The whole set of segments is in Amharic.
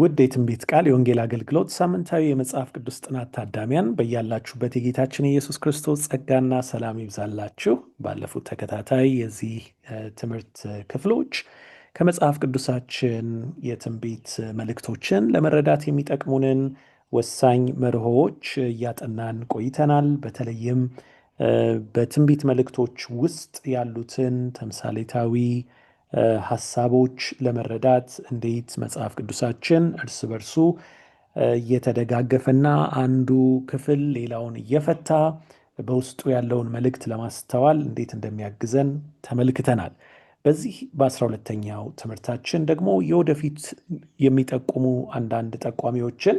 ውድ የትንቢት ቃል የወንጌል አገልግሎት ሳምንታዊ የመጽሐፍ ቅዱስ ጥናት ታዳሚያን በያላችሁበት የጌታችን የኢየሱስ ክርስቶስ ጸጋና ሰላም ይብዛላችሁ። ባለፉት ተከታታይ የዚህ ትምህርት ክፍሎች ከመጽሐፍ ቅዱሳችን የትንቢት መልእክቶችን ለመረዳት የሚጠቅሙንን ወሳኝ መርሆዎች እያጠናን ቆይተናል። በተለይም በትንቢት መልእክቶች ውስጥ ያሉትን ተምሳሌታዊ ሀሳቦች ለመረዳት እንዴት መጽሐፍ ቅዱሳችን እርስ በርሱ እየተደጋገፈና አንዱ ክፍል ሌላውን እየፈታ በውስጡ ያለውን መልእክት ለማስተዋል እንዴት እንደሚያግዘን ተመልክተናል። በዚህ በአስራ ሁለተኛው ትምህርታችን ደግሞ የወደፊት የሚጠቁሙ አንዳንድ ጠቋሚዎችን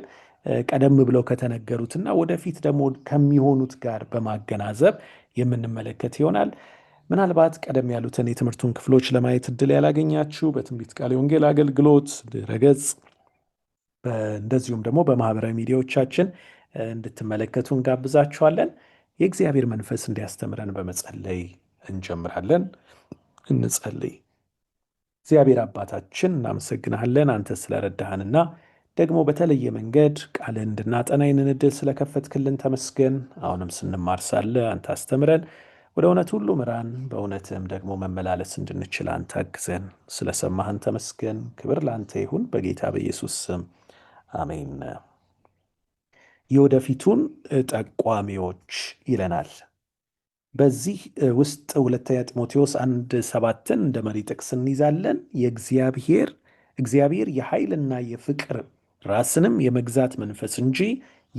ቀደም ብለው ከተነገሩትና ወደፊት ደግሞ ከሚሆኑት ጋር በማገናዘብ የምንመለከት ይሆናል። ምናልባት ቀደም ያሉትን የትምህርቱን ክፍሎች ለማየት እድል ያላገኛችሁ በትንቢት ቃል የወንጌል አገልግሎት ድረገጽ፣ እንደዚሁም ደግሞ በማህበራዊ ሚዲያዎቻችን እንድትመለከቱ እንጋብዛችኋለን። የእግዚአብሔር መንፈስ እንዲያስተምረን በመጸለይ እንጀምራለን። እንጸልይ። እግዚአብሔር አባታችን እናመሰግናሃለን፣ አንተ ስለረዳህንና ደግሞ በተለየ መንገድ ቃልን እንድናጠና ይህንን እድል ስለከፈትክልን ተመስገን። አሁንም ስንማርሳለ አንተ አስተምረን ወደ እውነት ሁሉ ምራን፣ በእውነትም ደግሞ መመላለስ እንድንችል አንተ አግዘን። ስለ ተመስገን። ክብር ለአንተ ይሁን፣ በጌታ በኢየሱስ ስም አሜን። የወደፊቱን ጠቋሚዎች ይለናል። በዚህ ውስጥ ሁለተኛ ጢሞቴዎስ አንድ ሰባትን እንደ መሪ ጥቅስ እንይዛለን። የእግዚአብሔር እግዚአብሔር የኃይልና የፍቅር ራስንም የመግዛት መንፈስ እንጂ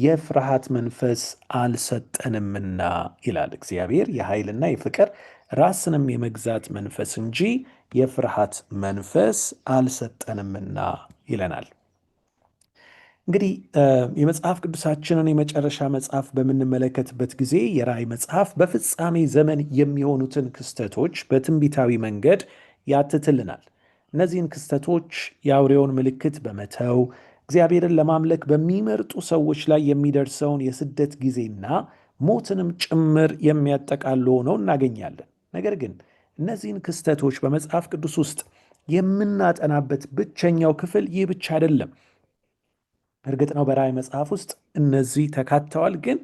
የፍርሃት መንፈስ አልሰጠንምና ይላል እግዚአብሔር። የኃይልና የፍቅር ራስንም የመግዛት መንፈስ እንጂ የፍርሃት መንፈስ አልሰጠንምና ይለናል። እንግዲህ የመጽሐፍ ቅዱሳችንን የመጨረሻ መጽሐፍ በምንመለከትበት ጊዜ የራእይ መጽሐፍ በፍጻሜ ዘመን የሚሆኑትን ክስተቶች በትንቢታዊ መንገድ ያትትልናል። እነዚህን ክስተቶች የአውሬውን ምልክት በመተው እግዚአብሔርን ለማምለክ በሚመርጡ ሰዎች ላይ የሚደርሰውን የስደት ጊዜና ሞትንም ጭምር የሚያጠቃሉ ሆነው እናገኛለን። ነገር ግን እነዚህን ክስተቶች በመጽሐፍ ቅዱስ ውስጥ የምናጠናበት ብቸኛው ክፍል ይህ ብቻ አይደለም። እርግጥ ነው በራእይ መጽሐፍ ውስጥ እነዚህ ተካተዋል። ግን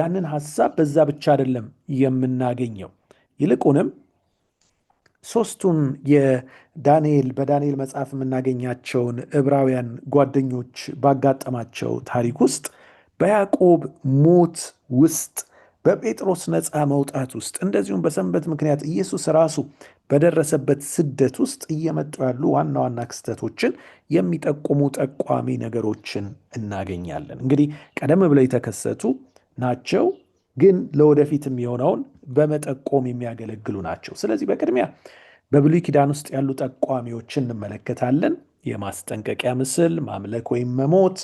ያንን ሐሳብ በዛ ብቻ አይደለም የምናገኘው ይልቁንም ሶስቱም የዳንኤል በዳንኤል መጽሐፍ የምናገኛቸውን ዕብራውያን ጓደኞች ባጋጠማቸው ታሪክ ውስጥ በያዕቆብ ሞት ውስጥ በጴጥሮስ ነፃ መውጣት ውስጥ እንደዚሁም በሰንበት ምክንያት ኢየሱስ ራሱ በደረሰበት ስደት ውስጥ እየመጡ ያሉ ዋና ዋና ክስተቶችን የሚጠቁሙ ጠቋሚ ነገሮችን እናገኛለን። እንግዲህ ቀደም ብለው የተከሰቱ ናቸው፣ ግን ለወደፊት የሆነውን በመጠቆም የሚያገለግሉ ናቸው። ስለዚህ በቅድሚያ በብሉይ ኪዳን ውስጥ ያሉ ጠቋሚዎችን እንመለከታለን። የማስጠንቀቂያ ምስል፣ ማምለክ ወይም መሞት፣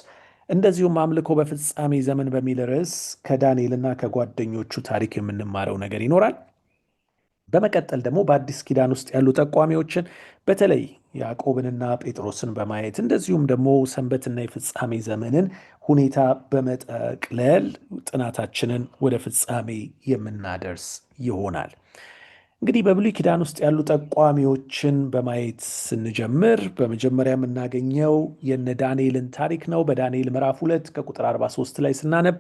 እንደዚሁም አምልኮ በፍጻሜ ዘመን በሚል ርዕስ ከዳንኤልና ከጓደኞቹ ታሪክ የምንማረው ነገር ይኖራል። በመቀጠል ደግሞ በአዲስ ኪዳን ውስጥ ያሉ ጠቋሚዎችን በተለይ ያዕቆብንና ጴጥሮስን በማየት እንደዚሁም ደግሞ ሰንበትና የፍጻሜ ዘመንን ሁኔታ በመጠቅለል ጥናታችንን ወደ ፍጻሜ የምናደርስ ይሆናል። እንግዲህ በብሉይ ኪዳን ውስጥ ያሉ ጠቋሚዎችን በማየት ስንጀምር በመጀመሪያ የምናገኘው የነ ዳንኤልን ታሪክ ነው። በዳንኤል ምዕራፍ ሁለት ከቁጥር 43 ላይ ስናነብ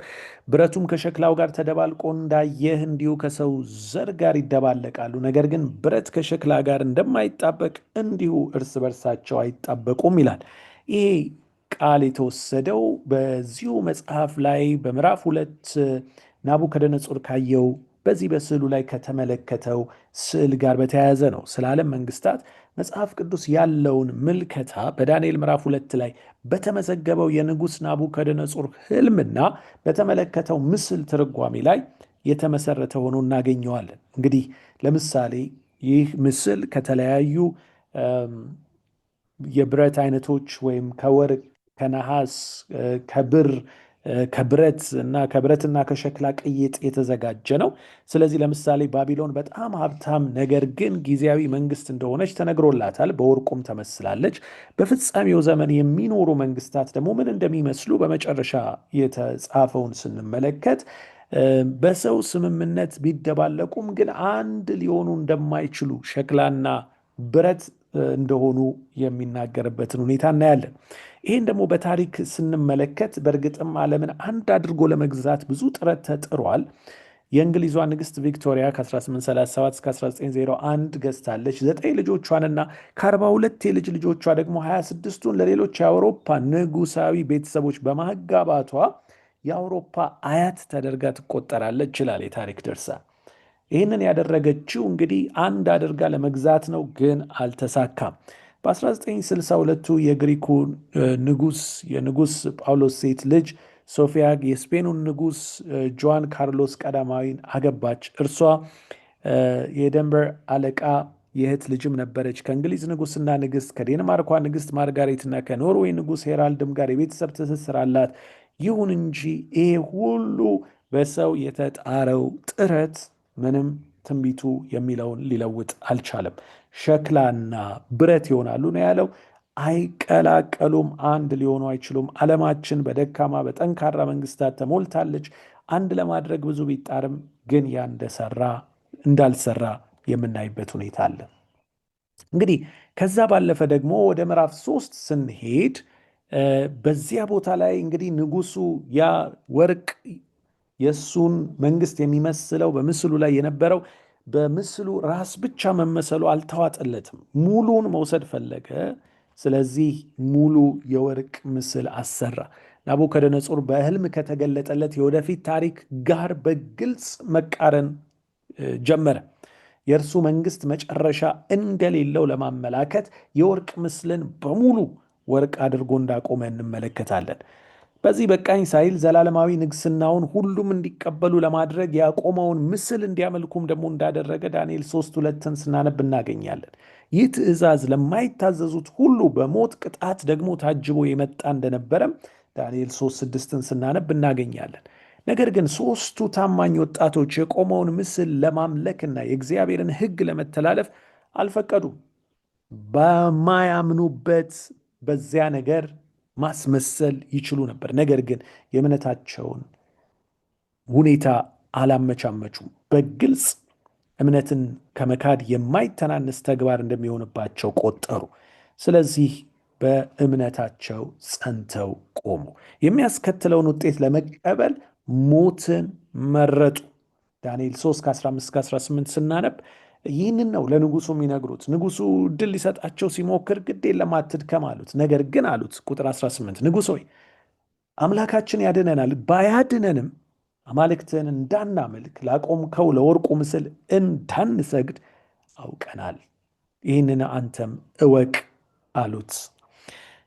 ብረቱም ከሸክላው ጋር ተደባልቆ እንዳየህ እንዲሁ ከሰው ዘር ጋር ይደባለቃሉ፣ ነገር ግን ብረት ከሸክላ ጋር እንደማይጣበቅ እንዲሁ እርስ በርሳቸው አይጣበቁም ይላል። ይሄ ቃል የተወሰደው በዚሁ መጽሐፍ ላይ በምዕራፍ ሁለት ናቡከደነጾር ካየው በዚህ በስዕሉ ላይ ከተመለከተው ስዕል ጋር በተያያዘ ነው። ስለ ዓለም መንግስታት መጽሐፍ ቅዱስ ያለውን ምልከታ በዳንኤል ምዕራፍ ሁለት ላይ በተመዘገበው የንጉሥ ናቡከደነጾር ህልምና በተመለከተው ምስል ትርጓሜ ላይ የተመሰረተ ሆኖ እናገኘዋለን። እንግዲህ ለምሳሌ ይህ ምስል ከተለያዩ የብረት አይነቶች ወይም ከወርቅ፣ ከነሐስ፣ ከብር ከብረት እና ከብረትና ከሸክላ ቅይጥ የተዘጋጀ ነው። ስለዚህ ለምሳሌ ባቢሎን በጣም ሀብታም ነገር ግን ጊዜያዊ መንግስት እንደሆነች ተነግሮላታል። በወርቁም ተመስላለች። በፍጻሜው ዘመን የሚኖሩ መንግስታት ደግሞ ምን እንደሚመስሉ በመጨረሻ የተጻፈውን ስንመለከት በሰው ስምምነት ቢደባለቁም ግን አንድ ሊሆኑ እንደማይችሉ ሸክላና ብረት እንደሆኑ የሚናገርበትን ሁኔታ እናያለን። ይህን ደግሞ በታሪክ ስንመለከት በእርግጥም ዓለምን አንድ አድርጎ ለመግዛት ብዙ ጥረት ተጥሯል። የእንግሊዟ ንግስት ቪክቶሪያ ከ1837 እስከ 1901 ገዝታለች። ዘጠኝ ልጆቿንና ከ42 የልጅ ልጆቿ ደግሞ 26ቱን ለሌሎች የአውሮፓ ንጉሳዊ ቤተሰቦች በማጋባቷ የአውሮፓ አያት ተደርጋ ትቆጠራለች ይላል የታሪክ ድርሳን። ይህንን ያደረገችው እንግዲህ አንድ አድርጋ ለመግዛት ነው፣ ግን አልተሳካም። በ1962ቱ የግሪኩ ንጉስ የንጉስ ጳውሎስ ሴት ልጅ ሶፊያ የስፔኑን ንጉስ ጆዋን ካርሎስ ቀዳማዊን አገባች። እርሷ የደንበር አለቃ የእህት ልጅም ነበረች። ከእንግሊዝ ንጉስና ንግስት ከዴንማርኳ ንግስት ማርጋሬትና ከኖርዌይ ንጉስ ሄራልድም ጋር የቤተሰብ ትስስር አላት። ይሁን እንጂ ይሄ ሁሉ በሰው የተጣረው ጥረት ምንም ትንቢቱ የሚለውን ሊለውጥ አልቻለም። ሸክላና ብረት ይሆናሉ ነው ያለው። አይቀላቀሉም፣ አንድ ሊሆኑ አይችሉም። ዓለማችን በደካማ በጠንካራ መንግስታት ተሞልታለች። አንድ ለማድረግ ብዙ ቢጣርም ግን ያ እንደሰራ እንዳልሰራ የምናይበት ሁኔታ አለ። እንግዲህ ከዛ ባለፈ ደግሞ ወደ ምዕራፍ ሶስት ስንሄድ በዚያ ቦታ ላይ እንግዲህ ንጉሱ ያ ወርቅ የእሱን መንግስት የሚመስለው በምስሉ ላይ የነበረው በምስሉ ራስ ብቻ መመሰሉ አልተዋጠለትም። ሙሉን መውሰድ ፈለገ። ስለዚህ ሙሉ የወርቅ ምስል አሰራ። ናቡከደነጾር በህልም ከተገለጠለት የወደፊት ታሪክ ጋር በግልጽ መቃረን ጀመረ። የእርሱ መንግስት መጨረሻ እንደሌለው ለማመላከት የወርቅ ምስልን በሙሉ ወርቅ አድርጎ እንዳቆመ እንመለከታለን። በዚህ በቃኝ ሳይል ዘላለማዊ ንግስናውን ሁሉም እንዲቀበሉ ለማድረግ ያቆመውን ምስል እንዲያመልኩም ደግሞ እንዳደረገ ዳንኤል ሶስት ሁለትን ስናነብ እናገኛለን። ይህ ትእዛዝ ለማይታዘዙት ሁሉ በሞት ቅጣት ደግሞ ታጅቦ የመጣ እንደነበረም ዳንኤል ሶስት ስድስትን ስናነብ እናገኛለን። ነገር ግን ሶስቱ ታማኝ ወጣቶች የቆመውን ምስል ለማምለክና የእግዚአብሔርን ሕግ ለመተላለፍ አልፈቀዱም። በማያምኑበት በዚያ ነገር ማስመሰል ይችሉ ነበር። ነገር ግን የእምነታቸውን ሁኔታ አላመቻመቹም። በግልጽ እምነትን ከመካድ የማይተናነስ ተግባር እንደሚሆንባቸው ቆጠሩ። ስለዚህ በእምነታቸው ጸንተው ቆሙ። የሚያስከትለውን ውጤት ለመቀበል ሞትን መረጡ። ዳንኤል 3 ከ15 18 ስናነብ ይህንን ነው ለንጉሱ የሚነግሩት። ንጉሱ ድል ሊሰጣቸው ሲሞክር ግድ የለም አትድከም አሉት። ነገር ግን አሉት ቁጥር 18 ንጉሥ ሆይ አምላካችን ያድነናል፣ ባያድነንም አማልክትን እንዳናመልክ ላቆምከው ለወርቁ ምስል እንዳንሰግድ አውቀናል። ይህንን አንተም እወቅ አሉት።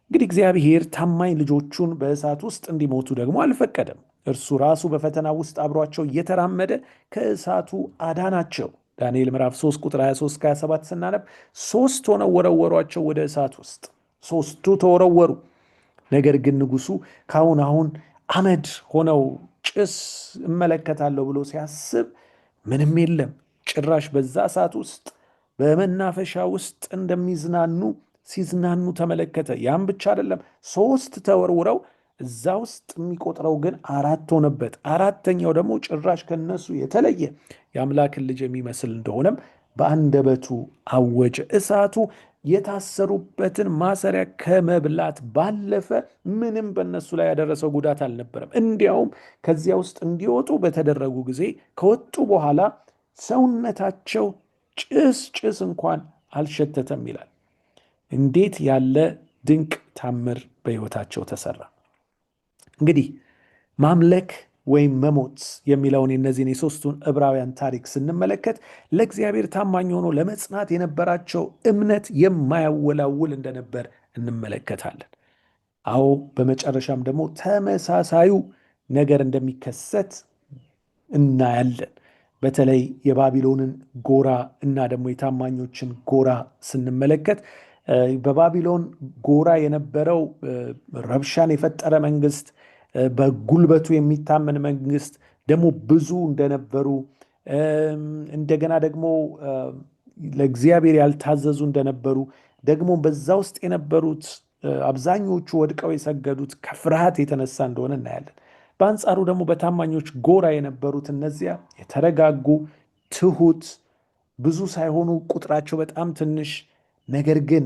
እንግዲህ እግዚአብሔር ታማኝ ልጆቹን በእሳት ውስጥ እንዲሞቱ ደግሞ አልፈቀደም። እርሱ ራሱ በፈተና ውስጥ አብሯቸው እየተራመደ ከእሳቱ አዳናቸው። ዳንኤል ምዕራፍ 3 ቁጥር 23 27 ስናነብ ሶስት ሆነው ወረወሯቸው ወደ እሳት ውስጥ ሶስቱ ተወረወሩ። ነገር ግን ንጉሱ ካሁን አሁን አመድ ሆነው ጭስ እመለከታለሁ ብሎ ሲያስብ ምንም የለም። ጭራሽ በዛ እሳት ውስጥ በመናፈሻ ውስጥ እንደሚዝናኑ ሲዝናኑ ተመለከተ። ያም ብቻ አይደለም፣ ሶስት ተወርውረው እዛ ውስጥ የሚቆጥረው ግን አራት ሆነበት። አራተኛው ደግሞ ጭራሽ ከነሱ የተለየ የአምላክን ልጅ የሚመስል እንደሆነም በአንደበቱ አወጀ። እሳቱ የታሰሩበትን ማሰሪያ ከመብላት ባለፈ ምንም በእነሱ ላይ ያደረሰው ጉዳት አልነበረም። እንዲያውም ከዚያ ውስጥ እንዲወጡ በተደረጉ ጊዜ ከወጡ በኋላ ሰውነታቸው ጭስ ጭስ እንኳን አልሸተተም ይላል። እንዴት ያለ ድንቅ ታምር በሕይወታቸው ተሰራ! እንግዲህ ማምለክ ወይም መሞት የሚለውን የነዚህን የሶስቱን ዕብራውያን ታሪክ ስንመለከት ለእግዚአብሔር ታማኝ ሆኖ ለመጽናት የነበራቸው እምነት የማያወላውል እንደነበር እንመለከታለን። አዎ በመጨረሻም ደግሞ ተመሳሳዩ ነገር እንደሚከሰት እናያለን። በተለይ የባቢሎንን ጎራ እና ደግሞ የታማኞችን ጎራ ስንመለከት በባቢሎን ጎራ የነበረው ረብሻን የፈጠረ መንግስት በጉልበቱ የሚታመን መንግስት ደግሞ ብዙ እንደነበሩ እንደገና ደግሞ ለእግዚአብሔር ያልታዘዙ እንደነበሩ ደግሞ በዛ ውስጥ የነበሩት አብዛኞቹ ወድቀው የሰገዱት ከፍርሃት የተነሳ እንደሆነ እናያለን። በአንጻሩ ደግሞ በታማኞች ጎራ የነበሩት እነዚያ የተረጋጉ ትሁት፣ ብዙ ሳይሆኑ ቁጥራቸው በጣም ትንሽ ነገር ግን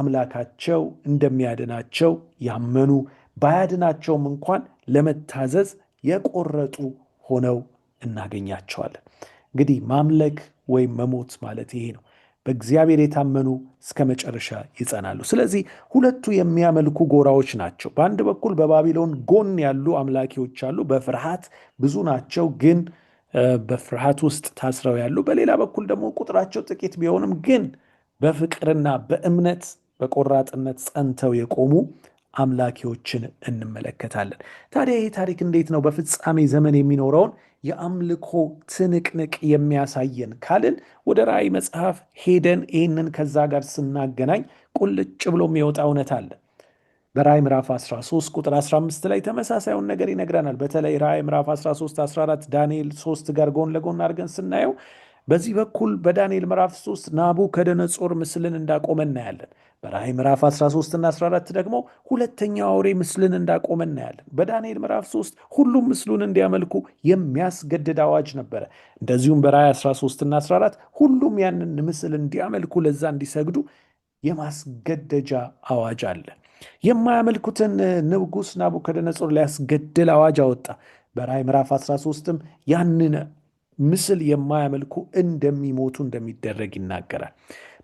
አምላካቸው እንደሚያድናቸው ያመኑ ባያድናቸውም እንኳን ለመታዘዝ የቆረጡ ሆነው እናገኛቸዋለን። እንግዲህ ማምለክ ወይም መሞት ማለት ይሄ ነው። በእግዚአብሔር የታመኑ እስከ መጨረሻ ይጸናሉ። ስለዚህ ሁለቱ የሚያመልኩ ጎራዎች ናቸው። በአንድ በኩል በባቢሎን ጎን ያሉ አምላኪዎች አሉ። በፍርሃት ብዙ ናቸው፣ ግን በፍርሃት ውስጥ ታስረው ያሉ። በሌላ በኩል ደግሞ ቁጥራቸው ጥቂት ቢሆንም ግን በፍቅርና በእምነት በቆራጥነት ጸንተው የቆሙ አምላኪዎችን እንመለከታለን። ታዲያ ይህ ታሪክ እንዴት ነው በፍጻሜ ዘመን የሚኖረውን የአምልኮ ትንቅንቅ የሚያሳየን ካልን ወደ ራእይ መጽሐፍ ሄደን ይህንን ከዛ ጋር ስናገናኝ ቁልጭ ብሎ የሚወጣ እውነት አለ። በራእይ ምዕራፍ 13 ቁጥር 15 ላይ ተመሳሳዩን ነገር ይነግረናል። በተለይ ራእይ ምዕራፍ 13፣ 14 ዳንኤል 3 ጋር ጎን ለጎን አድርገን ስናየው በዚህ በኩል በዳንኤል ምዕራፍ 3 ናቡከደነጾር ምስልን እንዳቆመ እናያለን። በራእይ ምዕራፍ 13 እና 14 ደግሞ ሁለተኛው አውሬ ምስልን እንዳቆመ እናያለን። በዳንኤል ምዕራፍ 3 ሁሉም ምስሉን እንዲያመልኩ የሚያስገድድ አዋጅ ነበረ። እንደዚሁም በራእይ 13 እና 14 ሁሉም ያንን ምስል እንዲያመልኩ ለዛ እንዲሰግዱ የማስገደጃ አዋጅ አለ። የማያመልኩትን ንጉሥ ናቡከደነጾር ሊያስገድል አዋጅ አወጣ። በራእይ ምዕራፍ 13ም ያንን ምስል የማያመልኩ እንደሚሞቱ እንደሚደረግ ይናገራል።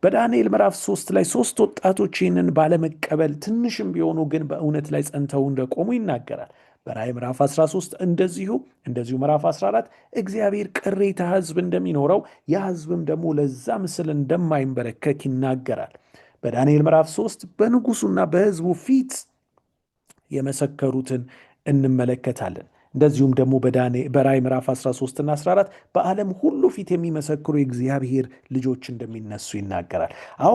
በዳንኤል ምዕራፍ ሶስት ላይ ሶስት ወጣቶች ይህንን ባለመቀበል ትንሽም ቢሆኑ ግን በእውነት ላይ ጸንተው እንደቆሙ ይናገራል። በራእይ ምዕራፍ 13 እንደዚሁ እንደዚሁ ምዕራፍ 14 እግዚአብሔር ቅሬታ ሕዝብ እንደሚኖረው ያ ሕዝብም ደግሞ ለዛ ምስል እንደማይንበረከክ ይናገራል። በዳንኤል ምዕራፍ 3 በንጉሱና በሕዝቡ ፊት የመሰከሩትን እንመለከታለን። እንደዚሁም ደግሞ በራይ ምዕራፍ 13 እና 14 በዓለም ሁሉ ፊት የሚመሰክሩ የእግዚአብሔር ልጆች እንደሚነሱ ይናገራል። አዎ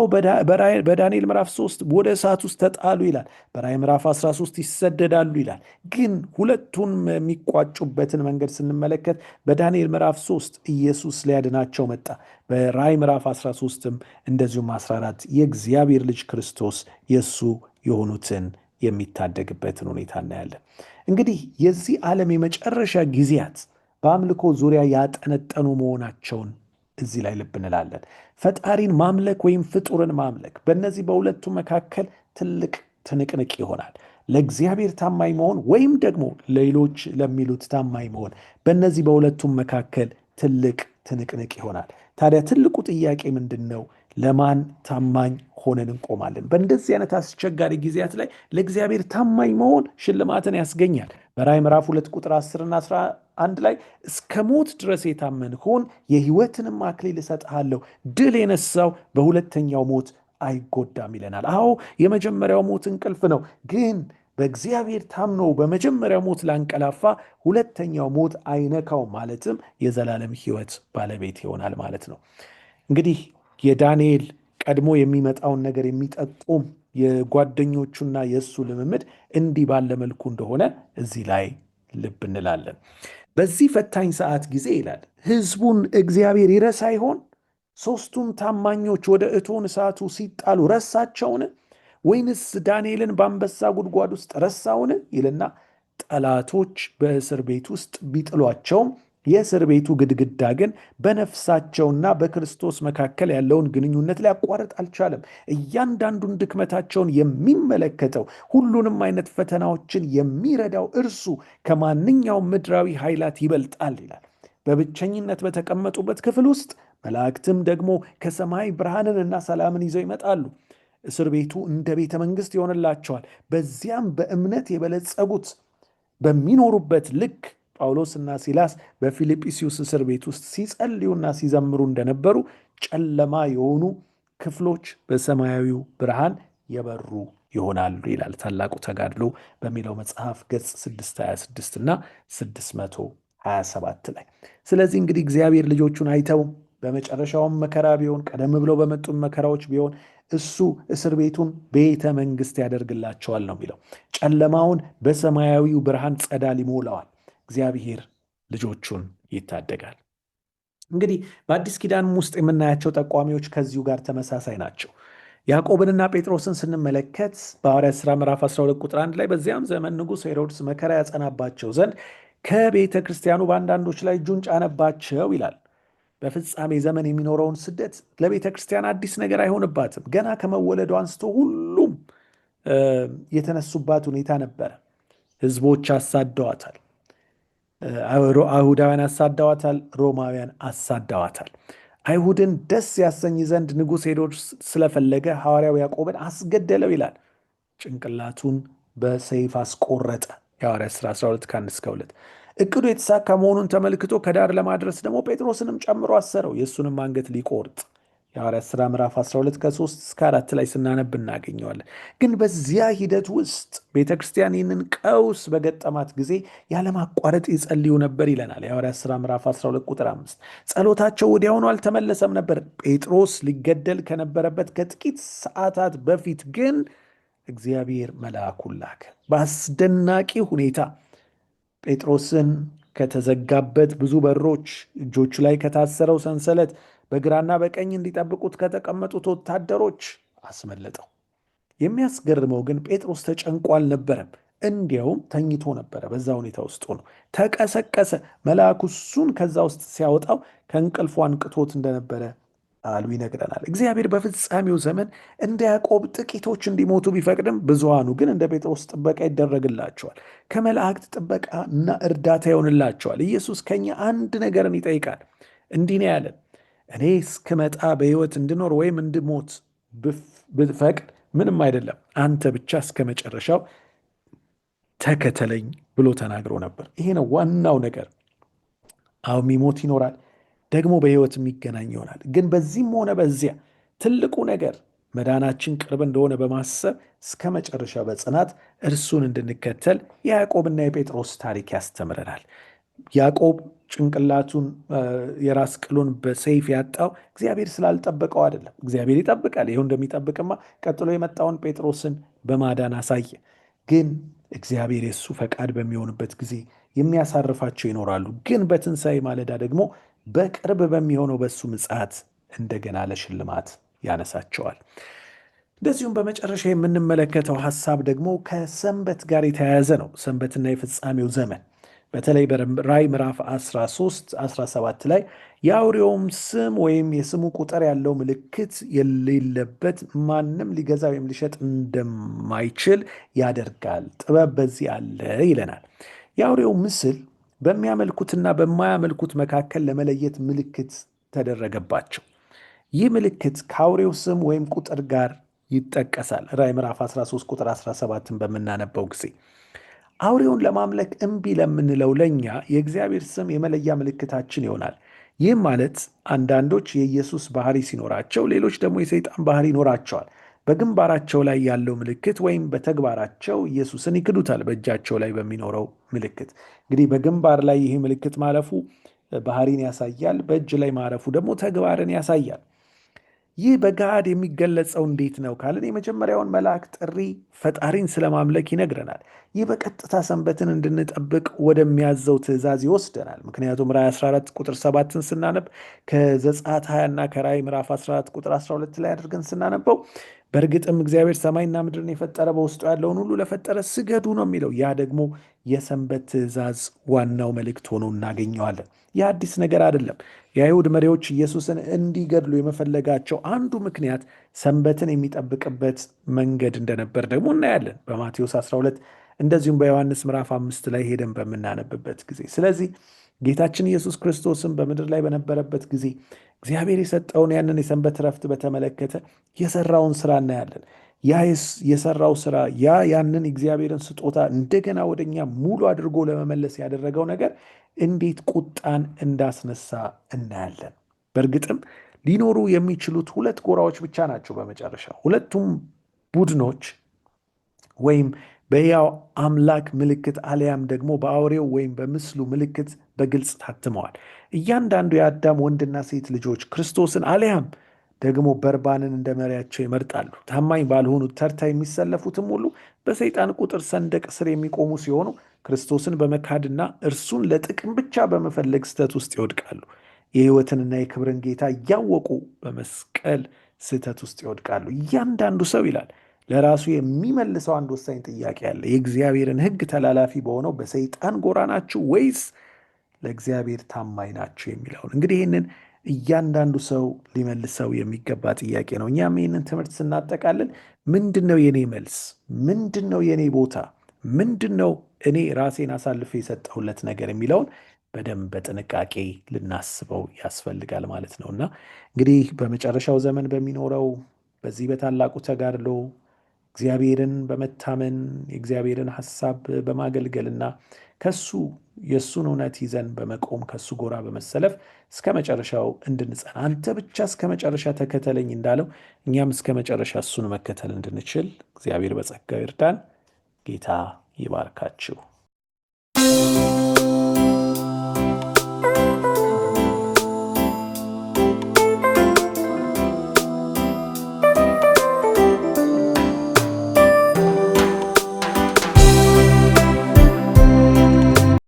በዳንኤል ምዕራፍ 3 ወደ እሳት ውስጥ ተጣሉ ይላል። በራይ ምዕራፍ 13 ይሰደዳሉ ይላል። ግን ሁለቱን የሚቋጩበትን መንገድ ስንመለከት በዳንኤል ምዕራፍ 3 ኢየሱስ ሊያድናቸው መጣ። በራይ ምዕራፍ 13ም እንደዚሁም 14 የእግዚአብሔር ልጅ ክርስቶስ የእሱ የሆኑትን የሚታደግበትን ሁኔታ እናያለን። እንግዲህ የዚህ ዓለም የመጨረሻ ጊዜያት በአምልኮ ዙሪያ ያጠነጠኑ መሆናቸውን እዚህ ላይ ልብ እንላለን። ፈጣሪን ማምለክ ወይም ፍጡርን ማምለክ፣ በእነዚህ በሁለቱ መካከል ትልቅ ትንቅንቅ ይሆናል። ለእግዚአብሔር ታማኝ መሆን ወይም ደግሞ ሌሎች ለሚሉት ታማኝ መሆን፣ በእነዚህ በሁለቱም መካከል ትልቅ ትንቅንቅ ይሆናል። ታዲያ ትልቁ ጥያቄ ምንድን ነው? ለማን ታማኝ ሆነን እንቆማለን? በእንደዚህ አይነት አስቸጋሪ ጊዜያት ላይ ለእግዚአብሔር ታማኝ መሆን ሽልማትን ያስገኛል። በራዕይ ምዕራፍ ሁለት ቁጥር 10ና 11 ላይ እስከ ሞት ድረስ የታመን ሆን የህይወትንም አክሊል እሰጥሃለሁ፣ ድል የነሳው በሁለተኛው ሞት አይጎዳም ይለናል። አዎ የመጀመሪያው ሞት እንቅልፍ ነው፣ ግን በእግዚአብሔር ታምኖ በመጀመሪያው ሞት ላንቀላፋ ሁለተኛው ሞት አይነካው ማለትም የዘላለም ህይወት ባለቤት ይሆናል ማለት ነው እንግዲህ የዳንኤል ቀድሞ የሚመጣውን ነገር የሚጠቁም የጓደኞቹና የእሱ ልምምድ እንዲህ ባለ መልኩ እንደሆነ እዚህ ላይ ልብ እንላለን። በዚህ ፈታኝ ሰዓት ጊዜ ይላል ሕዝቡን እግዚአብሔር ይረሳ ይሆን? ሦስቱም ታማኞች ወደ እቶን እሳቱ ሲጣሉ ረሳቸውን? ወይንስ ዳንኤልን በአንበሳ ጉድጓድ ውስጥ ረሳውን? ይልና ጠላቶች በእስር ቤት ውስጥ ቢጥሏቸውም የእስር ቤቱ ግድግዳ ግን በነፍሳቸውና በክርስቶስ መካከል ያለውን ግንኙነት ሊያቋርጥ አልቻለም። እያንዳንዱን ድክመታቸውን የሚመለከተው ሁሉንም አይነት ፈተናዎችን የሚረዳው እርሱ ከማንኛውም ምድራዊ ኃይላት ይበልጣል ይላል። በብቸኝነት በተቀመጡበት ክፍል ውስጥ መላእክትም ደግሞ ከሰማይ ብርሃንንና ሰላምን ይዘው ይመጣሉ። እስር ቤቱ እንደ ቤተ መንግሥት ይሆንላቸዋል። በዚያም በእምነት የበለጸጉት በሚኖሩበት ልክ ጳውሎስና ሲላስ በፊልጵስዩስ እስር ቤት ውስጥ ሲጸልዩና ሲዘምሩ እንደነበሩ ጨለማ የሆኑ ክፍሎች በሰማያዊው ብርሃን የበሩ ይሆናሉ ይላል ታላቁ ተጋድሎ በሚለው መጽሐፍ ገጽ 626 እና 627 ላይ። ስለዚህ እንግዲህ እግዚአብሔር ልጆቹን አይተው በመጨረሻውም መከራ ቢሆን ቀደም ብለው በመጡ መከራዎች ቢሆን እሱ እስር ቤቱን ቤተ መንግስት ያደርግላቸዋል ነው የሚለው። ጨለማውን በሰማያዊው ብርሃን ጸዳል ይሞላዋል። እግዚአብሔር ልጆቹን ይታደጋል። እንግዲህ በአዲስ ኪዳንም ውስጥ የምናያቸው ጠቋሚዎች ከዚሁ ጋር ተመሳሳይ ናቸው። ያዕቆብንና ጴጥሮስን ስንመለከት በሐዋርያት ሥራ ምዕራፍ 12 ቁጥር 1 ላይ በዚያም ዘመን ንጉሥ ሄሮድስ መከራ ያጸናባቸው ዘንድ ከቤተ ክርስቲያኑ በአንዳንዶች ላይ እጁን ጫነባቸው ይላል። በፍጻሜ ዘመን የሚኖረውን ስደት ለቤተ ክርስቲያን አዲስ ነገር አይሆንባትም። ገና ከመወለዱ አንስቶ ሁሉም የተነሱባት ሁኔታ ነበረ። ህዝቦች አሳደዋታል። አይሁዳውያን አሳዳዋታል ሮማውያን አሳዳዋታል። አይሁድን ደስ ያሰኝ ዘንድ ንጉሥ ሄሮድስ ስለፈለገ ሐዋርያው ያዕቆብን አስገደለው ይላል። ጭንቅላቱን በሰይፍ አስቆረጠ። የሐዋርያት ሥራ 12 ከ1 እስከ 2 እቅዱ የተሳካ መሆኑን ተመልክቶ ከዳር ለማድረስ ደግሞ ጴጥሮስንም ጨምሮ አሰረው፣ የእሱንም አንገት ሊቆርጥ የሐዋርያት ሥራ ምዕራፍ 12 ከ3 እስከ 4 ላይ ስናነብ እናገኘዋለን። ግን በዚያ ሂደት ውስጥ ቤተ ክርስቲያን ይህንን ቀውስ በገጠማት ጊዜ ያለማቋረጥ ይጸልዩ ነበር ይለናል የሐዋርያት ሥራ ምዕራፍ 12 ቁጥር 5። ጸሎታቸው ወዲያውኑ አልተመለሰም ነበር። ጴጥሮስ ሊገደል ከነበረበት ከጥቂት ሰዓታት በፊት ግን እግዚአብሔር መልአኩን ላከ። በአስደናቂ ሁኔታ ጴጥሮስን ከተዘጋበት ብዙ በሮች፣ እጆቹ ላይ ከታሰረው ሰንሰለት በግራና በቀኝ እንዲጠብቁት ከተቀመጡት ወታደሮች አስመለጠው። የሚያስገርመው ግን ጴጥሮስ ተጨንቆ አልነበረም። እንዲያውም ተኝቶ ነበረ። በዛ ሁኔታ ውስጥ ሆኖ ተቀሰቀሰ። መልአኩ እሱን ከዛ ውስጥ ሲያወጣው ከእንቅልፉ አንቅቶት እንደነበረ አሉ ይነግረናል። እግዚአብሔር በፍጻሜው ዘመን እንደ ያዕቆብ ጥቂቶች እንዲሞቱ ቢፈቅድም ብዙሃኑ ግን እንደ ጴጥሮስ ጥበቃ ይደረግላቸዋል። ከመላእክት ጥበቃና እርዳታ ይሆንላቸዋል። ኢየሱስ ከኛ አንድ ነገርን ይጠይቃል። እንዲህ ነው ያለን እኔ እስክመጣ በህይወት እንድኖር ወይም እንድሞት ብፈቅድ ምንም አይደለም፣ አንተ ብቻ እስከ መጨረሻው ተከተለኝ ብሎ ተናግሮ ነበር። ይሄ ነው ዋናው ነገር። አዎ የሚሞት ይኖራል፣ ደግሞ በህይወት የሚገናኝ ይሆናል። ግን በዚህም ሆነ በዚያ ትልቁ ነገር መዳናችን ቅርብ እንደሆነ በማሰብ እስከ መጨረሻ በጽናት እርሱን እንድንከተል የያዕቆብና የጴጥሮስ ታሪክ ያስተምረናል። ያዕቆብ ጭንቅላቱን የራስ ቅሉን በሰይፍ ያጣው እግዚአብሔር ስላልጠበቀው አይደለም። እግዚአብሔር ይጠብቃል። ይኸው እንደሚጠብቅማ ቀጥሎ የመጣውን ጴጥሮስን በማዳን አሳየ። ግን እግዚአብሔር የእሱ ፈቃድ በሚሆንበት ጊዜ የሚያሳርፋቸው ይኖራሉ። ግን በትንሣኤ ማለዳ ደግሞ በቅርብ በሚሆነው በእሱ ምጽአት እንደገና ለሽልማት ያነሳቸዋል። እንደዚሁም በመጨረሻ የምንመለከተው ሐሳብ ደግሞ ከሰንበት ጋር የተያያዘ ነው። ሰንበትና የፍጻሜው ዘመን በተለይ ራይ ምዕራፍ 13 17 ላይ የአውሬውም ስም ወይም የስሙ ቁጥር ያለው ምልክት የሌለበት ማንም ሊገዛ ወይም ሊሸጥ እንደማይችል ያደርጋል፣ ጥበብ በዚህ አለ ይለናል። የአውሬው ምስል በሚያመልኩትና በማያመልኩት መካከል ለመለየት ምልክት ተደረገባቸው። ይህ ምልክት ከአውሬው ስም ወይም ቁጥር ጋር ይጠቀሳል። ራይ ምዕራፍ 13 ቁጥር 17ን በምናነበው ጊዜ አውሬውን ለማምለክ እምቢ ለምንለው ለእኛ የእግዚአብሔር ስም የመለያ ምልክታችን ይሆናል። ይህም ማለት አንዳንዶች የኢየሱስ ባህሪ ሲኖራቸው፣ ሌሎች ደግሞ የሰይጣን ባህሪ ይኖራቸዋል። በግንባራቸው ላይ ያለው ምልክት ወይም በተግባራቸው ኢየሱስን ይክዱታል። በእጃቸው ላይ በሚኖረው ምልክት እንግዲህ በግንባር ላይ ይህ ምልክት ማለፉ ባህሪን ያሳያል። በእጅ ላይ ማረፉ ደግሞ ተግባርን ያሳያል። ይህ በጋድ የሚገለጸው እንዴት ነው ካለን የመጀመሪያውን መልአክ ጥሪ ፈጣሪን ስለማምለክ ይነግረናል። ይህ በቀጥታ ሰንበትን እንድንጠብቅ ወደሚያዘው ትእዛዝ ይወስደናል። ምክንያቱም ራእይ 14 ቁጥር 7ን ስናነብ ከዘጸአት 20 ና ከራእይ ምዕራፍ 14 ቁጥር 12 ላይ አድርገን ስናነበው በእርግጥም እግዚአብሔር ሰማይና ምድርን የፈጠረ በውስጡ ያለውን ሁሉ ለፈጠረ ስገዱ ነው የሚለው። ያ ደግሞ የሰንበት ትእዛዝ ዋናው መልእክት ሆኖ እናገኘዋለን። ያ አዲስ ነገር አይደለም። የአይሁድ መሪዎች ኢየሱስን እንዲገድሉ የመፈለጋቸው አንዱ ምክንያት ሰንበትን የሚጠብቅበት መንገድ እንደነበር ደግሞ እናያለን በማቴዎስ 12 እንደዚሁም በዮሐንስ ምዕራፍ አምስት ላይ ሄደን በምናነብበት ጊዜ ስለዚህ ጌታችን ኢየሱስ ክርስቶስን በምድር ላይ በነበረበት ጊዜ እግዚአብሔር የሰጠውን ያንን የሰንበት ረፍት በተመለከተ የሰራውን ስራ እናያለን። ያ የሰራው ስራ ያ ያንን እግዚአብሔርን ስጦታ እንደገና ወደኛ ሙሉ አድርጎ ለመመለስ ያደረገው ነገር እንዴት ቁጣን እንዳስነሳ እናያለን። በእርግጥም ሊኖሩ የሚችሉት ሁለት ጎራዎች ብቻ ናቸው። በመጨረሻ ሁለቱም ቡድኖች ወይም በሕያው አምላክ ምልክት አሊያም ደግሞ በአውሬው ወይም በምስሉ ምልክት በግልጽ ታትመዋል። እያንዳንዱ የአዳም ወንድና ሴት ልጆች ክርስቶስን አሊያም ደግሞ በርባንን እንደ መሪያቸው ይመርጣሉ። ታማኝ ባልሆኑት ተርታ የሚሰለፉትም ሁሉ በሰይጣን ቁጥር ሰንደቅ ስር የሚቆሙ ሲሆኑ ክርስቶስን በመካድና እርሱን ለጥቅም ብቻ በመፈለግ ስህተት ውስጥ ይወድቃሉ። የሕይወትንና የክብርን ጌታ እያወቁ በመስቀል ስህተት ውስጥ ይወድቃሉ። እያንዳንዱ ሰው ይላል ለራሱ የሚመልሰው አንድ ወሳኝ ጥያቄ አለ። የእግዚአብሔርን ሕግ ተላላፊ በሆነው በሰይጣን ጎራ ናችሁ ወይስ ለእግዚአብሔር ታማኝ ናችሁ የሚለውን እንግዲህ ይህንን እያንዳንዱ ሰው ሊመልሰው የሚገባ ጥያቄ ነው። እኛም ይህንን ትምህርት ስናጠቃልል ምንድን ነው የኔ መልስ? ምንድን ነው የኔ ቦታ? ምንድን ነው እኔ ራሴን አሳልፎ የሰጠሁለት ነገር የሚለውን በደንብ በጥንቃቄ ልናስበው ያስፈልጋል ማለት ነው እና እንግዲህ በመጨረሻው ዘመን በሚኖረው በዚህ በታላቁ ተጋድሎ እግዚአብሔርን በመታመን የእግዚአብሔርን ሐሳብ በማገልገልና ከሱ የእሱን እውነት ይዘን በመቆም ከሱ ጎራ በመሰለፍ እስከ መጨረሻው እንድንጸና አንተ ብቻ እስከ መጨረሻ ተከተለኝ እንዳለው እኛም እስከ መጨረሻ እሱን መከተል እንድንችል እግዚአብሔር በጸጋው ይርዳን። ጌታ ይባርካችሁ።